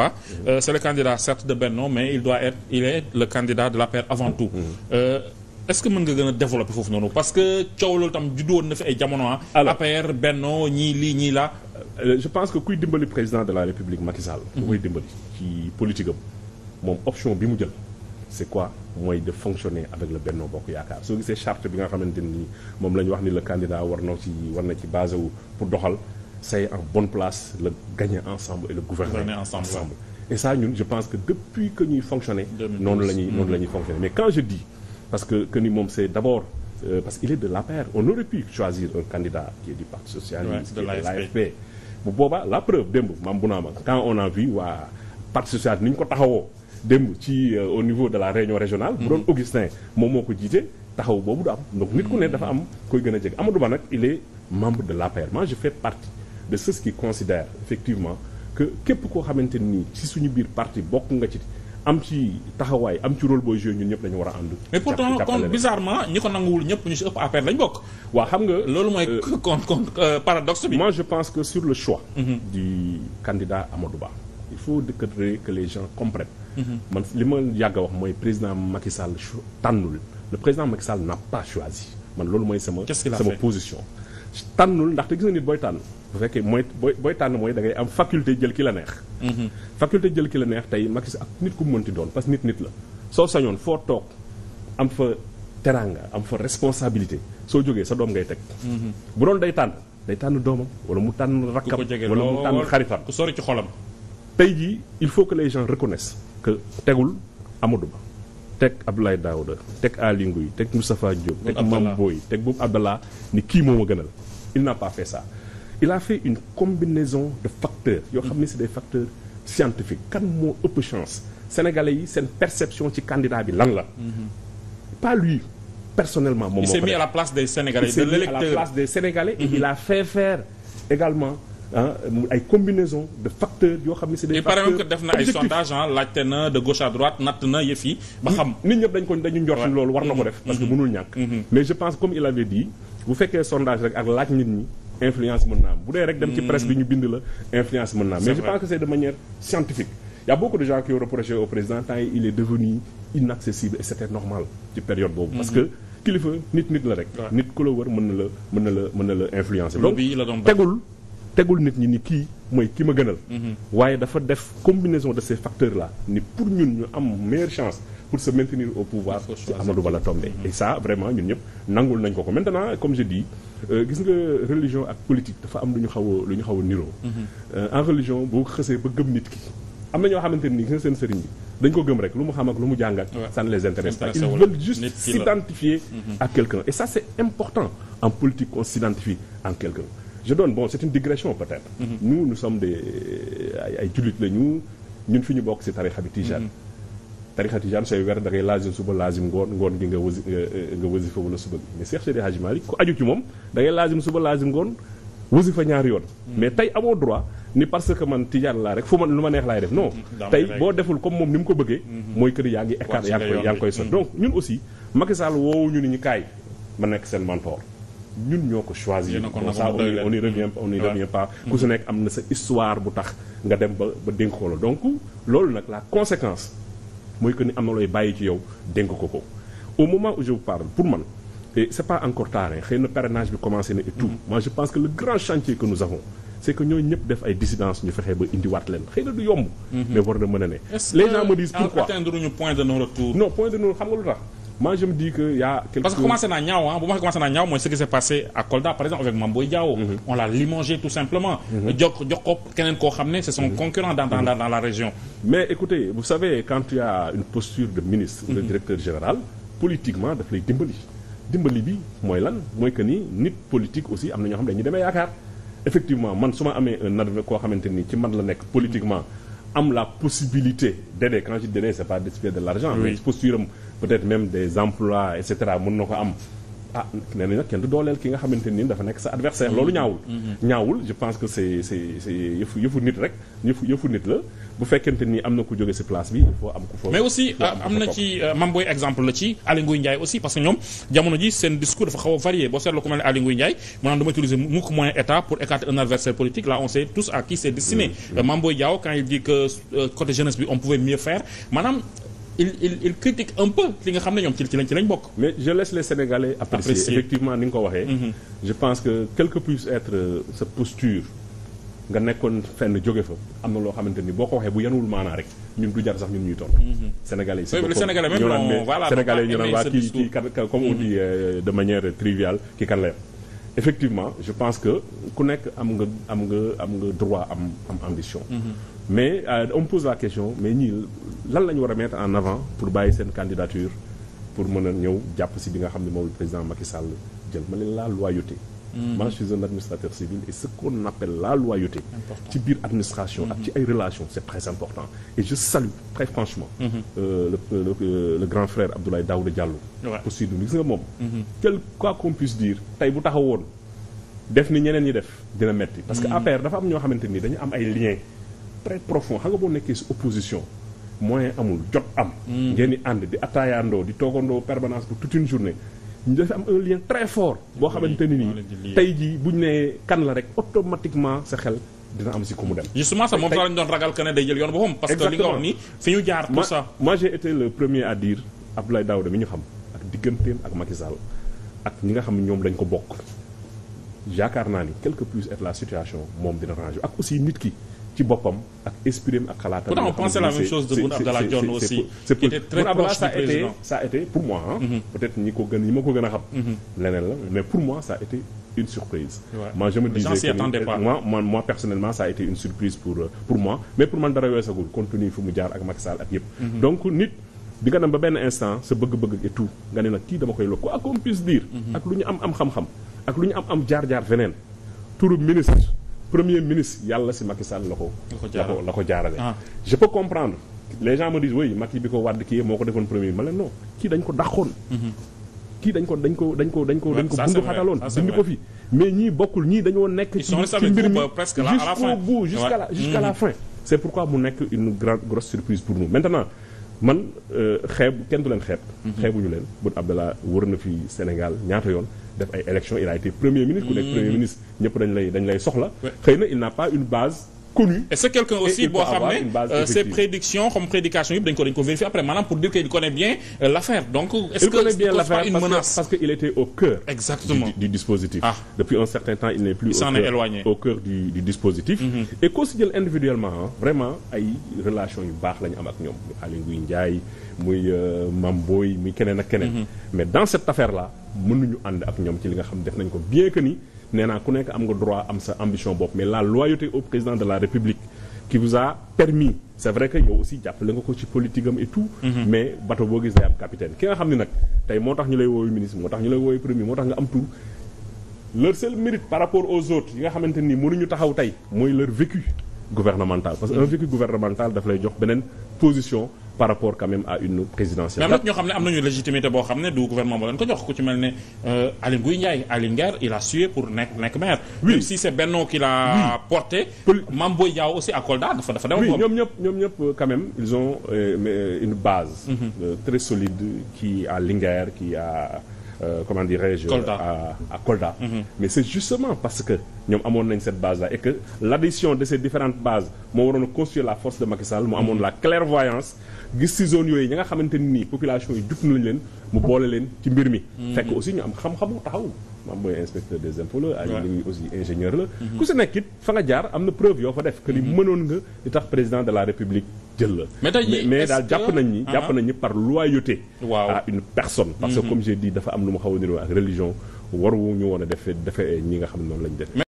pas. Euh, c'est le candidat certes de Benno mais il doit être il est le candidat de l'APR avant tout. Mm-hmm. Euh, est-ce que mën nga gën a développer foofu noonu parce que coow loolu tam juddu woon na fi ay jamono ah. APR Benno ñii lii ñii la. Euh, je pense que kuy dimbali président de la République Macky Sall. koy mm-hmm. dimbali ci politique am moom option bi mu jël. c'est quoi mooy de fonctionner avec le Benno Bokk Yaakaar soo gisee charte bi nga xamante ni moom la ñu wax ni le candidat war na ci war na ci basé wu pour doxal. c'est en bonne place le gagner ensemble et le gouverner ensemble. et ça ñun je pense que depuis que ñuy fonctionner noonu la ñuy mm-hmm. noonu la ñuy fonctionner mais quand je dis parce que que ni moom c'est d'abord euh, parce qu'il est de l'APR on aurait pu choisir un candidat qui est du Parti socialiste ouais, de l'AFP bu boobaa la preuve démb maam a vu waa Parti ko taxawoo ci euh, au niveau de la réunion régionale bu doon mm-hmm. Augustin moom moo ko jiite taxaw boobu du am donc nit ku ne dafa mm-hmm. a jege Amadou Ba nag il est membre de l'APR moi je fais partie de ceux qui considèrent effectivement que képp koo xamante ni ci suñu biir parti bokk nga ci am ci taxawaay am ci rôle booy joué ñun ñëpp dañu war a ànd. mais pourtant comme bizarrement ñi ko nanguwul ñëpp ñu si ëpp affaire lañ bokk. waa xam nga loolu mooy euh, con con euh, paradoxe bi. moi je pense que sur le choix. Mm-hmm. du candidat Amadou Ba. il faut décadrer que les gens comprennent. Mm-hmm. man li ma yàgg a wax mooy président Macky Sall tànnul le président Macky Sall n'a pas choisi man loolu mooy sama. sama position. tànnul ndaxte gis nga nit booy tànn bu fekkee mooy booy booy tànn mooy dangay am faculté jël ki la neex mhm. faculté jël ki la neex tey Macky Sall ak nit ku mënti doon parce que nit nit la soo sañoon foo toog am fa teranga am fa responsabilité soo jógee sa doom ngay teg mhm. bu doon day tànn day tànn doomam wala mu tànn rakkam wala mu tànn xaritam ku sori ci xolam tey jii il faut que les gens reconnaissent que tegul Amadou Ba teg Abdoulaye Daouda teg Aly Ngouille teg Moustapha Diop teg Mame teg Boun Abdallah ni kii moom a gënal il n'a pas fait ça il a fait une combinaison de facteurs yoo xam ne c'est des facteurs scientifiques kan moo ëpp chance sénégalais yi seen perception ci candidat bi lan la mhm. pas lui personnellement moom moo il s'est mis à la place des sénégalais de l'électeur à la place des sénégalais il a fait faire également ah ay combinaison de facteurs yoo xam ne c'est des facteurs objectifs ah, laajte na de gauche à droite natt na yëf yi ba xam nit ñëpp dañ ko dañu njort loolu war na ko def parce que mm-hmm. mënul ñàkk mm-hmm. mais je pense comme il avait dit bu fekkee sondage rek ak laaj nit ñi influence mën naa dee rek dem ci presse mm-hmm. bind la influence mën naa am mais je pense que c'est de manière scientifique y a beaucoup de gens qui ont reproché au président tant il est devenu inaccessible et c'était normal ci période boobu parce que kilifa nit nit la rek nit ku la wër mën na la mën na la mën na la influencer donc tegul tegul nit ñi ni kii mooy ki ma gënal. Mhm. waaye dafa def combinaison de ces facteurs là ni pour ñun ñu am meilleure chance pour se maintenir au pouvoir. ci Amadou Ba la tombé. Mhm. et ça vraiment ñun ñëpp nangul nañ ko ko maintenant comme je dis euh, gis nga religion ak politique dafa am lu ñu xaw a lu ñu xaw a niroo. Mhm. Euh, en religion boo xësee ba gëm nit ki. am na ñoo xamante ni gis nga seen sëriñ bi dañ ko gëm rek lu mu xam ak lu mu jàng ak. ça ne les intéresse pas ils veulent juste s'identifier important en politique qu'on s'identifie en je donne bon c'est une digression peut-être. Mm -hmm. nous ay ay jullit la ñu ñun fi ñu bokk ci tarixa bi tijaan. Mhm. tarixa tijaan sooy weer da ngay suba laazim ngoon ngoon gi nga wasi nga wasifa wala suba gi mais Cheikh Seydi Hadji Malick ku aju ci moom da ngay laazim suba laazim ngoon fa ñaari yoon. Mhm. mais tey amoo droit. ni parce que man tijaan laa rek fu ma lu ma neex laay def non mhm. tey boo deful comme moom ni mu ko bëggee mooy kër yaa ngi écart yaa ngi koy yaa ngi koy sot donc ñun aussi Macky woowu ñu ni ñu kaay ma nekk seen mentor ñun ñoo ko choisir comme ça on y ku su nekk am na sa histoire bu tax nga dem ba ba dénk ko la donc loolu nag la conséquence mooy que ni am na looy bàyyi ci yow dénk ko ko au moment où je vous parle pour man et c'est pas encore tard xëy na parrainage bi commencé na et tout mm-hmm. moi je pense que le grand chantier que nous avons c'est que ñooñu ñëpp def ay dissidence ñu fexe ba indiwaat leen xëy na du yomb mm-hmm. mais war na mën a ne les gens me disent pourquoi atteindre ñu point de non retour moi je me dis que y' a. quelque parce que commencé naa ñaaw ah bu ma commencé naa ñaaw mooy ce qui s' est passé à par exemple avec Mame Boye mhm. on l' a limogé tout simplement. jox mhm. jox ko keneen koo xam ne c' est son mhm. concurrent dans dans la région. mais écoutez vous savez quand tu une posture de ministre. de directeur général politiquement daf lay dimbali. dimbali bi mooy lan mooy que ni nit politique aussi am na ñoo xam ne dañuy demee yaakaar effectivement man su ma amee un adversaire koo ni ci man la nekk politiquement am la possibilité d'aider quand je dis d'aider peut-être même des emplois et cetera na ko am ah nee nag kenn du dooleel ki nga xamante nii dafa nekk sa adversaire loolu ñaawul mm-hmm. ñaawul je pense que c'est c'est c'est yëfu yëfu nit rek yëfu nit la bu fekkente ni am na ku jóge ci place bi il faut am ku foofu mais aussi am na ci euh, mam booy exemple la ci Aly Ngouille Ndiaye aussi parce que ñoom jamono ji seen discours dafa xaw a varié boo seetloo ku mel ne Aly Ngouille Ndiaye maanaam dama utiliser mukk moyen état pour écarter un adversaire il il il critique un peu li nga xam ne ñoom ci lañ ci lañ bokk. mais je laisse les apprécier, effectivement ni nga ko waxee. Mhm. je pense que quelle que puisse être euh, sa posture. nga nekkoon fenn jóge fa am na loo xamante ni boo ko waxee bu yanuwul maanaa rek ñun du jar sax ñun ñuy toll. Mhm. sénégalais yi si boppam sénégalais même ñu naan waa kii comme on mhm. euh, de manière triviale kii kan la yam effectivement je pense que ku nekk am nga am nga am nga droit am am ambition. Mhm. mais euh, on me pose la question mais ñi lan la ñu war a mettre en avant pour bàyyi seen candidature pour mën a ñëw jàpp si bi nga xam ne moom le président Macky Sall jël ma leen la loyauté. Mm-hmm. moi je suis un administrateur civil et ce qu'on appelle la loyauté ci biir administration ak ci mm-hmm. ay relations c'est très important et je salue très franchement mm-hmm. euh, le, euh, le, euh, le grand frère Abdoulaye Daouda Diallo poursuidu gis nga moom quel quoi qu'on puisse dire tey bu taxawoon def ni ñeneen ñi def dina metti parce que APR dafa am ñoo xamante ni dañu am ay liens très profonds xam nga boo nekkee si opposition moyen amul jot am ngeen di ànd di attaayaandoo di toogandoo permanence pour dafa am un lien très fort boo xamante ni nii tey jii buñ ne kan la rek automatiquement sa xel dina am si ko mu dem. justement sax moom sax lañ doon ragal que day jël yoon boppam. parce que li nga wax ni fi ñu jaar tout ça. moi j'ai été le premier à dire Abdoulaye Daouda mi ñu xam ak digganteem ak makisal ak ñi nga xam ñoom dañ ko bokk yaakaar naa ni quelque puisse être la situation moom dina ranger ak aussi nit ki. ci boppam ak esprit ak xalaatam. la même a été pour moi mm-hmm. peut être ko gën ñi ma ko gën a xam. Mm-hmm. leneen la mais pour moi ça a été une surprise. moi je me disais que moi moi personnellement ça été une surprise pour moi mais pour man dara weesagul continue fu mu jaar ak Macky Sall ak yëpp. Mm-hmm. donc nit di nga dem ba benn instant sa bëgg-bëgg ak lu ñu am am xam-xam ak lu ñu am am jaar-jaar feneen premier ministre yàlla si Macky Sall la ko la ko la ko jaarale ah. je peux comprendre les gens me disent oui bi ko Wade kii moo ko defoon premier ma leen kii dañ ko dàqoon mhm. kii dañ ko dañ ko dañ ko dañ ko dañ ko dindi ko fi mais ñii bokkul ñii dañoo nekk ci mbir mi euh, jusqu'au bout jusqu'à la jusqu'à la mhm. fin c'est pourquoi mu nekk une grande grosse surprise pour nous maintenant man euh, xeeb kenn du leen xeeb. xeebuñu leen Boun Abdallah wër na fi Sénégal ñaata yoon def ay élections il a été premier ministre. ku nekk premier ministre ñëpp dañu lay dañ lay soxla. xëy na il n'a pas une base. connu. et c'est quelqu'un aussi boo xam ne euh, ses prédictions comme prédication yëpp dañ ko dañ ko vérifier après maanaam pour dire que il connaît bien euh, l'affaire donc. est-ce que c'est pas une menace parce que était au cœur. exactement du dispositif. Ah. depuis un certain temps il n'est plus. au cœur du dispositif. Mm-hmm. et koo individuellement vraiment ay relation yu baax lañu am ak ñoom Aly Ngouille Ndiaye muy euh, Mamboy muy keneen ak keneen. Mm-hmm. mais dans cette affaire là mënuñu ànd ak ñoom ci li nga xam def nañ ko bien que ni. nee naa ku nekk am nga droit am sa ambition bopp mais la loyauté au président de la république qui vous a permis c'est vrai que yow aussi jàppale nga ko ci politique am et tout mm-hmm. mais bateau boo gis day am capitaine ki nga xam ne nag tey moo tax ñu lay wooyu ministre moo tax ñu lay wooyu premier moo tax nga am tout leur seul mérite par rapport aux autres yi nga xamante ni ñu taxaw tey mooy leur vécu gouvernemental parce que un mm-hmm. vécu gouvernemental daf lay jox beneen position par rapport quand même à une présidentielle. mais am ñoo xam ne am nañu légitimité boo xam ne du gouvernement moo leen ko jox ku ci mel ne euh, Aly Ngouille Ndiaye Aly Nguer il a sué pour nekk nekk maire. oui si c' Benno qui a porté. Mame Boye aussi à Kolda dafa dafa demoon. oui ñoom ñëpp ñoom ñëpp euh, quand même ils ont euh, une base. Mhm. très solide qui à Linguère qui à. euh, comment dirais-je. Kolda mm-hmm. mais c'est justement parce que ñoom amoon nañ cette base là et que l'addition de ces différentes bases moo waroon a constituer la force de Macky Sall mu amoon mm-hmm. la clairvoyance gis ci zone yooyu ñi nga xamante ni population yi jug nañ leen mu boole leen ci mbir mi. Mm-hmm. fekk aussi ñu am xam-xamu taxaw. maam mooy inspecteur des impôts la. waaw ay aussi ingénieur la. ku si nekk it fa nga jaar am na preuve yoo fa def. que ni mënoon nga di tax président de la république. jël la. mais mais daal jàpp nañ ñi jàpp uh-huh. nañ ñi par loyauté. waaw à une personne. parce que mm-hmm. comme j'ai dit dafa am lu ma xaw a niroo ak religion waru ñu woon a defee defee ñi nga xam noonu lañ def.